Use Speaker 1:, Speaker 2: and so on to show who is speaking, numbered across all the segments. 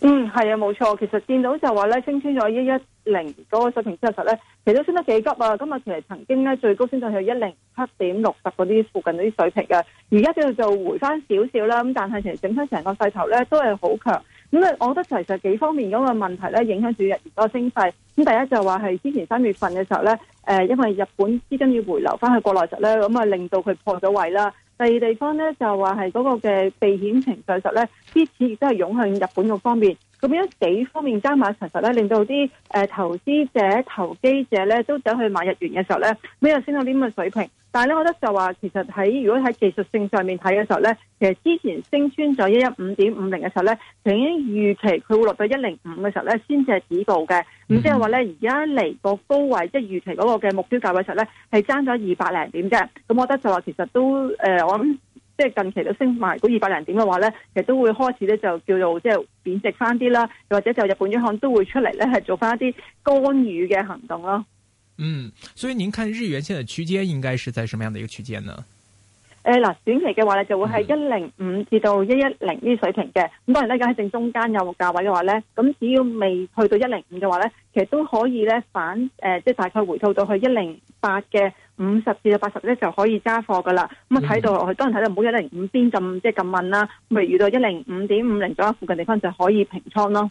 Speaker 1: 嗯，係啊，冇錯。其實見到就話咧，升穿咗一一零嗰個水平之後，實咧其實都升得幾急啊。咁啊，其實曾經咧最高升到去一零七點六十嗰啲附近嗰啲水平嘅，而家叫做回翻少少啦。咁但係其實整體成個勢頭咧都係好強。咁我覺得其實幾方面嗰個問題咧影響住日元個升勢。咁第一就話係之前三月份嘅時候咧，誒、呃，因為日本資金要回流翻去國內實咧，咁啊令到佢破咗位啦。第二地方呢，就話係嗰個嘅避險情緒嘅時候啲錢亦都係湧向日本嗰方面。咁樣幾方面加埋其實呢令到啲誒投資者、投機者呢，都走去買日元嘅時候呢，每日升到啲咁嘅水平？但係咧，我覺得就話其實喺如果喺技術性上面睇嘅時候咧，其實之前升穿咗一一五點五零嘅時候咧，曾經預期佢會落到一零五嘅時候咧先至係止步嘅。咁即係話咧，而家嚟個高位即係、就是、預期嗰個嘅目標價位嘅時候咧，係爭咗二百零點嘅。咁我覺得就話其實都誒、呃，我諗即係近期都升埋嗰二百零點嘅話咧，其實都會開始咧就叫做即係貶值翻啲啦，又或者就日本央行都會出嚟咧係做翻一啲干預嘅行動咯。
Speaker 2: 嗯，所以您看日元現在的區間應該是在什麼樣的一個區間呢？
Speaker 1: 誒嗱，短期嘅話咧就會係一零五至到一一零呢水平嘅，咁、嗯、當然呢，而家喺正中間有個價位嘅話咧，咁只要未去到一零五嘅話咧，其實都可以咧反誒、呃、即係大概回吐到去一零八嘅五十至到八十咧就可以加貨噶啦，咁啊睇到，當然睇到唔好一零五邊咁即係咁問啦，咁咪遇到一零五點五零左右附近地方就可以平倉咯。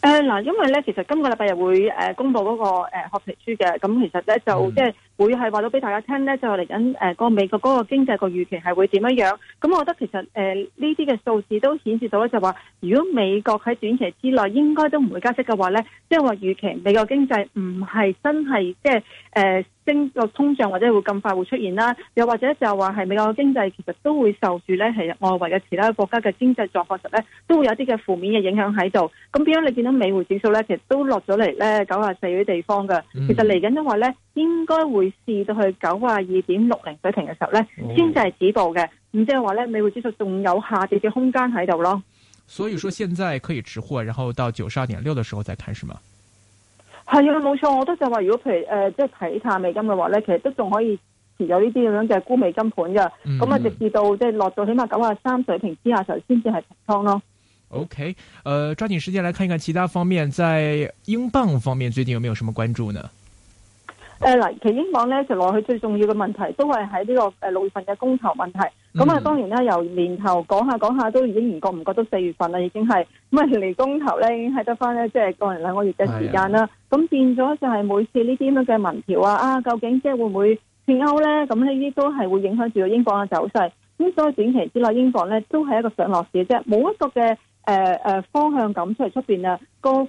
Speaker 1: 誒嗱、呃，因為咧，其實今個禮拜日會誒公布嗰個誒褐皮書嘅，咁其實咧就即係會係話到俾大家聽咧，就嚟緊誒個美國嗰個經濟個預期係會點樣樣？咁我覺得其實誒呢啲嘅數字都顯示到咧，就話如果美國喺短期之內應該都唔會加息嘅話咧，即係話預期美國經濟唔係真係即係誒。就是呃升個通脹或者會咁快會出現啦，又或者就話係美國嘅經濟其實都會受住咧，係外圍嘅其他國家嘅經濟狀況實咧都會有啲嘅負面嘅影響喺度。咁變咗你見到美匯指數咧，其實都落咗嚟咧九十四啲地方嘅，其實嚟緊嘅話咧應該會試到去九啊二點六零水平嘅時候咧先至係止步嘅，咁、哦、即係話咧美匯指數仲有下跌嘅空間喺度咯。
Speaker 2: 所以，說現在可以持貨，然後到九十二點六嘅時候再睇什麼，係咪？
Speaker 1: 係啊，冇錯，我都就話如果譬如誒，即係睇淡美金嘅話咧，其實都仲可以持有呢啲咁樣嘅沽美金盤㗎，咁啊、嗯、直至到即係落到起碼九十三水平之下，才先至係平倉咯。
Speaker 2: OK，誒、呃，抓緊時間來看一看其他方面，在英鎊方面最近有冇有什麼關注呢？
Speaker 1: 誒，嗱，其英鎊咧，就落去最重要嘅問題都係喺呢個誒六月份嘅公投問題。咁啊，當然咧，由年頭講下講下都已經唔覺唔覺都四月份啦，已經係咁啊嚟公投咧，已經係得翻咧，即係個零兩個月嘅時間啦。咁變咗就係每次呢啲咁嘅民調啊，啊，究竟即係會唔會脫歐咧？咁呢啲都係會影響住個英鎊嘅走勢。咁所以短期之內，英鎊咧都係一個上落市嘅啫，冇一個嘅誒誒方向感出嚟出邊啊。個誒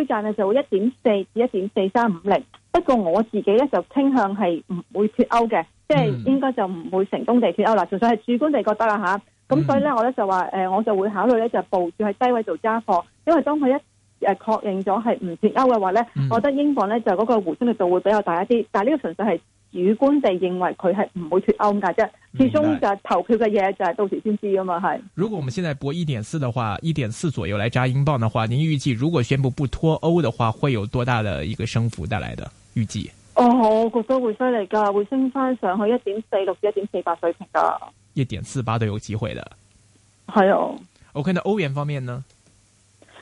Speaker 1: 區間咧，就會一點四至一點四三五零。不過我自己咧就傾向係唔會脫歐嘅，即係應該就唔會成功地脫歐啦。純粹係主觀地覺得啦吓，咁、啊、所以咧我咧就話，誒，我就會考慮咧就係部署喺低位做揸貨，因為當佢一誒確認咗係唔脫歐嘅話咧，嗯、我覺得英鎊咧就嗰個回升力度會比較大一啲。但係呢個純粹係。主觀地認為佢係唔會脱歐咁解啫，始終就投票嘅嘢就係到時先知啊嘛係。
Speaker 2: 如果我們現在博一點四嘅話，一點四左右來揸英鎊嘅話，您預計如果宣布不脱歐的話，會有多大嘅一個升幅帶來的？預計
Speaker 1: 哦，我覺得會犀利噶，會升返上去一點四六至一點四八水
Speaker 2: 平噶，一點四八都有機會嘅，係啊、哦、，OK，那歐元方面呢？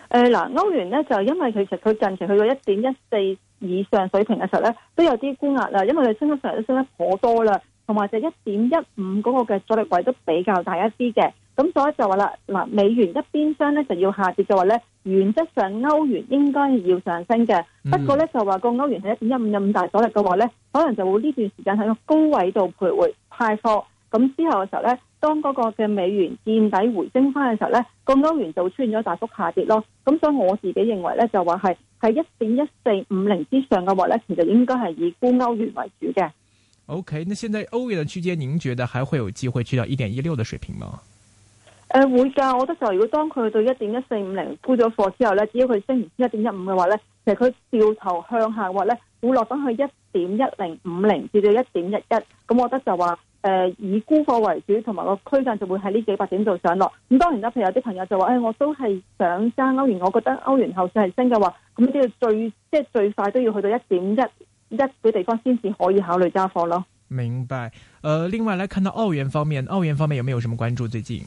Speaker 1: 誒嗱、呃，歐元呢就因為其實佢近期去到一點一四。以上水平嘅時候咧，都有啲沽壓啦，因為佢升,升得上都升得頗多啦，同埋就一點一五嗰個嘅阻力位都比較大一啲嘅，咁所以就話啦，嗱美元一邊廂咧就要下跌嘅話咧，原則上歐元應該要上升嘅，不過咧就話個歐元係一點一五咁大阻力嘅話咧，可能就會呢段時間喺個高位度徘徊派貨，咁之後嘅時候咧。當嗰個嘅美元見底回升翻嘅時候咧，咁歐元就出現咗大幅下跌咯。咁所以我自己認為咧，就話係喺一點一四五零之上嘅話咧，其實應該係以沽歐元為主嘅。
Speaker 2: O、okay, K，那現在歐元嘅區間，您覺得還會有機會去到一點一六嘅水平嗎？
Speaker 1: 誒、呃，會噶，我覺得就如果當佢去到一點一四五零沽咗貨之後咧，只要佢升唔至一點一五嘅話咧，其實佢掉頭向下嘅話咧，會落翻去一點一零五零至到一點一一，咁我覺得就話。誒、呃，以沽貨為主，同埋個區間就會喺呢幾百點度上落。咁當然啦，譬如有啲朋友就話：誒、哎，我都係想揸歐元，我覺得歐元後市係升嘅話，咁呢啲最即係、就是、最快都要去到一點一一嘅地方，先至可以考慮揸貨咯。
Speaker 2: 明白。誒、呃，另外咧，看到澳元方面，澳元方面有冇有什麼關注最近？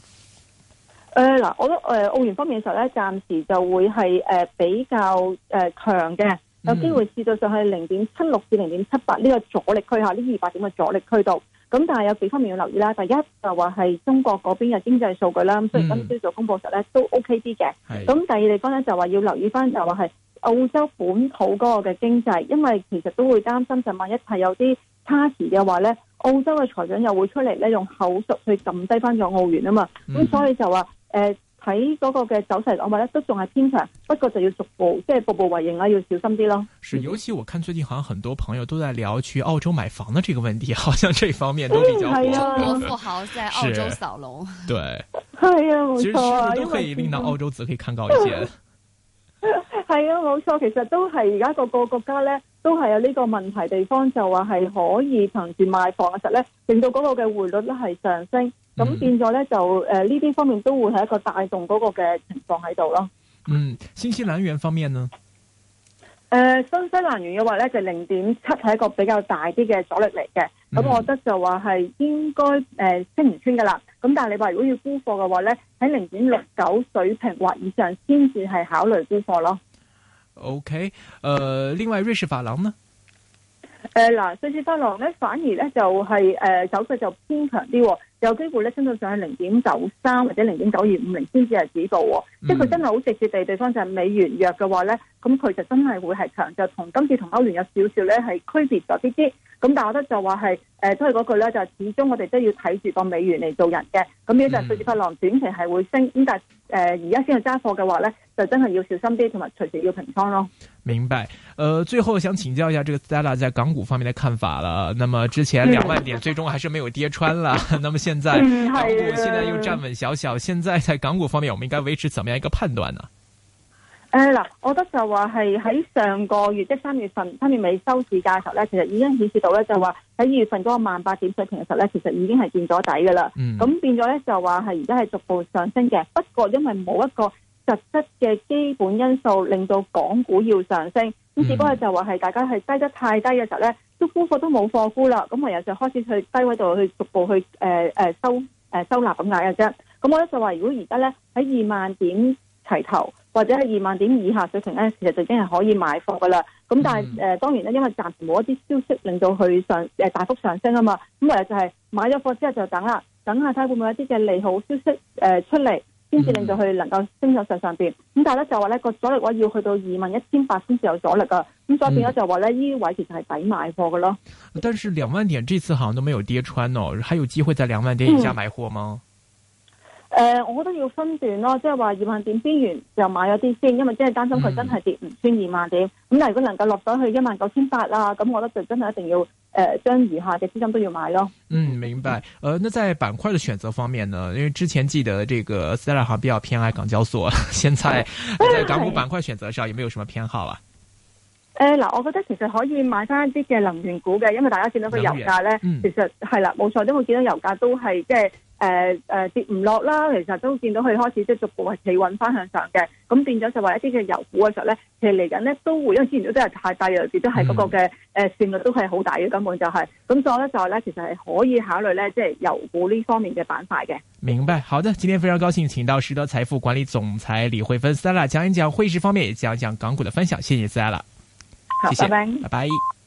Speaker 1: 誒嗱、呃，我咧，誒、呃，澳元方面嘅時候咧，暫時就會係誒、呃、比較誒、呃、強嘅，有機會試到上去零點七六至零點七八呢個阻力區下呢二百點嘅阻力區度。咁但係有幾方面要留意啦，第一就話、是、係中國嗰邊嘅經濟數據啦，所以今朝早公佈實咧都 OK 啲嘅。咁、嗯、第二地方咧就話、是、要留意翻就話係澳洲本土嗰個嘅經濟，因為其實都會擔心就萬一係有啲差池嘅話咧，澳洲嘅財長又會出嚟咧用口述去撳低翻咗澳元啊嘛，咁所以就話，誒喺嗰個嘅走勢我覺得都仲係偏強，不過就要逐步即係、就是、步步為營啦，要小心啲咯。
Speaker 2: 是，尤其我看最近，好像很多朋友都在聊去澳洲買房的這個問題，好像這方面都比較好富豪
Speaker 1: 澳洲
Speaker 2: 對，
Speaker 1: 係啊，冇錯、啊，實為都可以令到
Speaker 2: 澳洲，都可以看高一些。
Speaker 1: 係啊，冇錯，其實都係而家各個國家咧，都係有呢個問題的地方，就話係可以憑住賣房嘅時候咧，令到個嘅匯率咧係上升。咁變咗咧就誒呢啲方面都會係一個帶動嗰個嘅情況喺度
Speaker 2: 咯。嗯，新西蘭元方面呢？
Speaker 1: 誒、呃，新西蘭元嘅話咧就零點七係一個比較大啲嘅阻力嚟嘅，咁、嗯、我覺得就話係應該誒穿唔穿噶啦。咁、呃、但係你話如果要沽貨嘅話咧，喺零點六九水平或以上先至係考慮沽貨咯。
Speaker 2: OK，誒、呃，另外瑞士法郎呢？
Speaker 1: 誒嗱、呃，瑞士法郎咧反而咧就係、是、誒、呃、走勢就偏強啲、哦，有機會咧升到上去零點九三或者零點九二五零先至係止喎。嗯、即係佢真係好直接地，對方就係美元弱嘅話咧，咁佢就真係會係強，就同今次同歐元有少少咧係區別咗啲啲。咁但係我覺得就話係，誒都係嗰句呢就始終我哋都要睇住個美元嚟做人嘅。咁呢就對字發狼短期係會升，咁但係誒而家先去揸貨嘅話咧，就真係要小心啲，同埋隨時要平倉咯。
Speaker 2: 明白。呃最後想請教一下這個 Stella 在港股方面的看法啦。那麼之前兩萬點最終還是沒有跌穿啦。那麼現在港股現在又站穩小小，現在在港股方面，我們應該維持怎麼樣一個判斷呢？
Speaker 1: 誒嗱、嗯，我覺得就話係喺上個月即係三月份，三月尾收市價嘅時候咧，其實已經顯示到咧就話喺二月份嗰個萬八點水平嘅時候咧，其實已經係見咗底噶啦咁、嗯、變咗咧就話係而家係逐步上升嘅，不過因為冇一個實質嘅基本因素令到港股要上升，咁只不過就話係大家係低得太低嘅時候咧，都沽貨都冇貨沽啦，咁唯有就開始去低位度去逐步去誒誒、呃、收誒、呃、收納咁解嘅啫。咁我咧就話如果而家咧喺二萬點齊頭，或者係二萬點以下水平咧，其實就已經係可以買貨噶啦。咁但係誒、嗯呃，當然咧，因為暫時冇一啲消息令到佢上誒、呃、大幅上升啊嘛。咁唯有就係買咗貨之後就等啦，等下睇會唔會有一啲嘅利好消息誒、呃、出嚟，先至令到佢能夠升到上上邊。咁、嗯、但係咧就話咧個阻力位要去到二萬一千八先至有阻力噶。咁所以變咗就話咧呢啲位其實係抵買貨噶咯。
Speaker 2: 但是兩萬點這次好像都沒有跌穿哦，還有機會在兩萬點以下買貨嗎？嗯
Speaker 1: 誒、呃，我覺得要分段咯，即係話二萬點邊緣就買咗啲先，因為擔真係擔心佢真係跌唔穿二萬點。咁、嗯、但係如果能夠落到去一萬九千八啦，咁我覺得就真係一定要誒，將、呃、餘下嘅資金都要買咯。嗯，
Speaker 2: 明白。誒、呃，那在板塊的選擇方面呢？因為之前記得這個 Stella 比較偏愛港交所，現在在港股板塊選擇上有沒有什麼偏好啊？
Speaker 1: 誒，嗱、嗯，我覺得其實可以買翻一啲嘅能源股嘅，因為大家見到個油價咧，嗯、其實係啦，冇錯都見到油價都係即係誒誒跌唔落啦。其實都見到佢開始即係逐步係企穩翻向上嘅。咁變咗就話一啲嘅油股嘅時候咧，其實嚟緊呢都會，因為之前都真係太低尤亦都係嗰個嘅誒市率都係好大嘅，根本就係、是。咁所以咧就係咧，其實係可以考慮咧，即、就、係、是、油股呢方面嘅板塊嘅。
Speaker 2: 明白，好的，今天非常高興請到實德財富管理總裁李慧芬 Stella 講一講匯市方面，也講一講港股嘅分享，謝謝。
Speaker 1: 好謝謝，拜拜。
Speaker 2: 拜拜。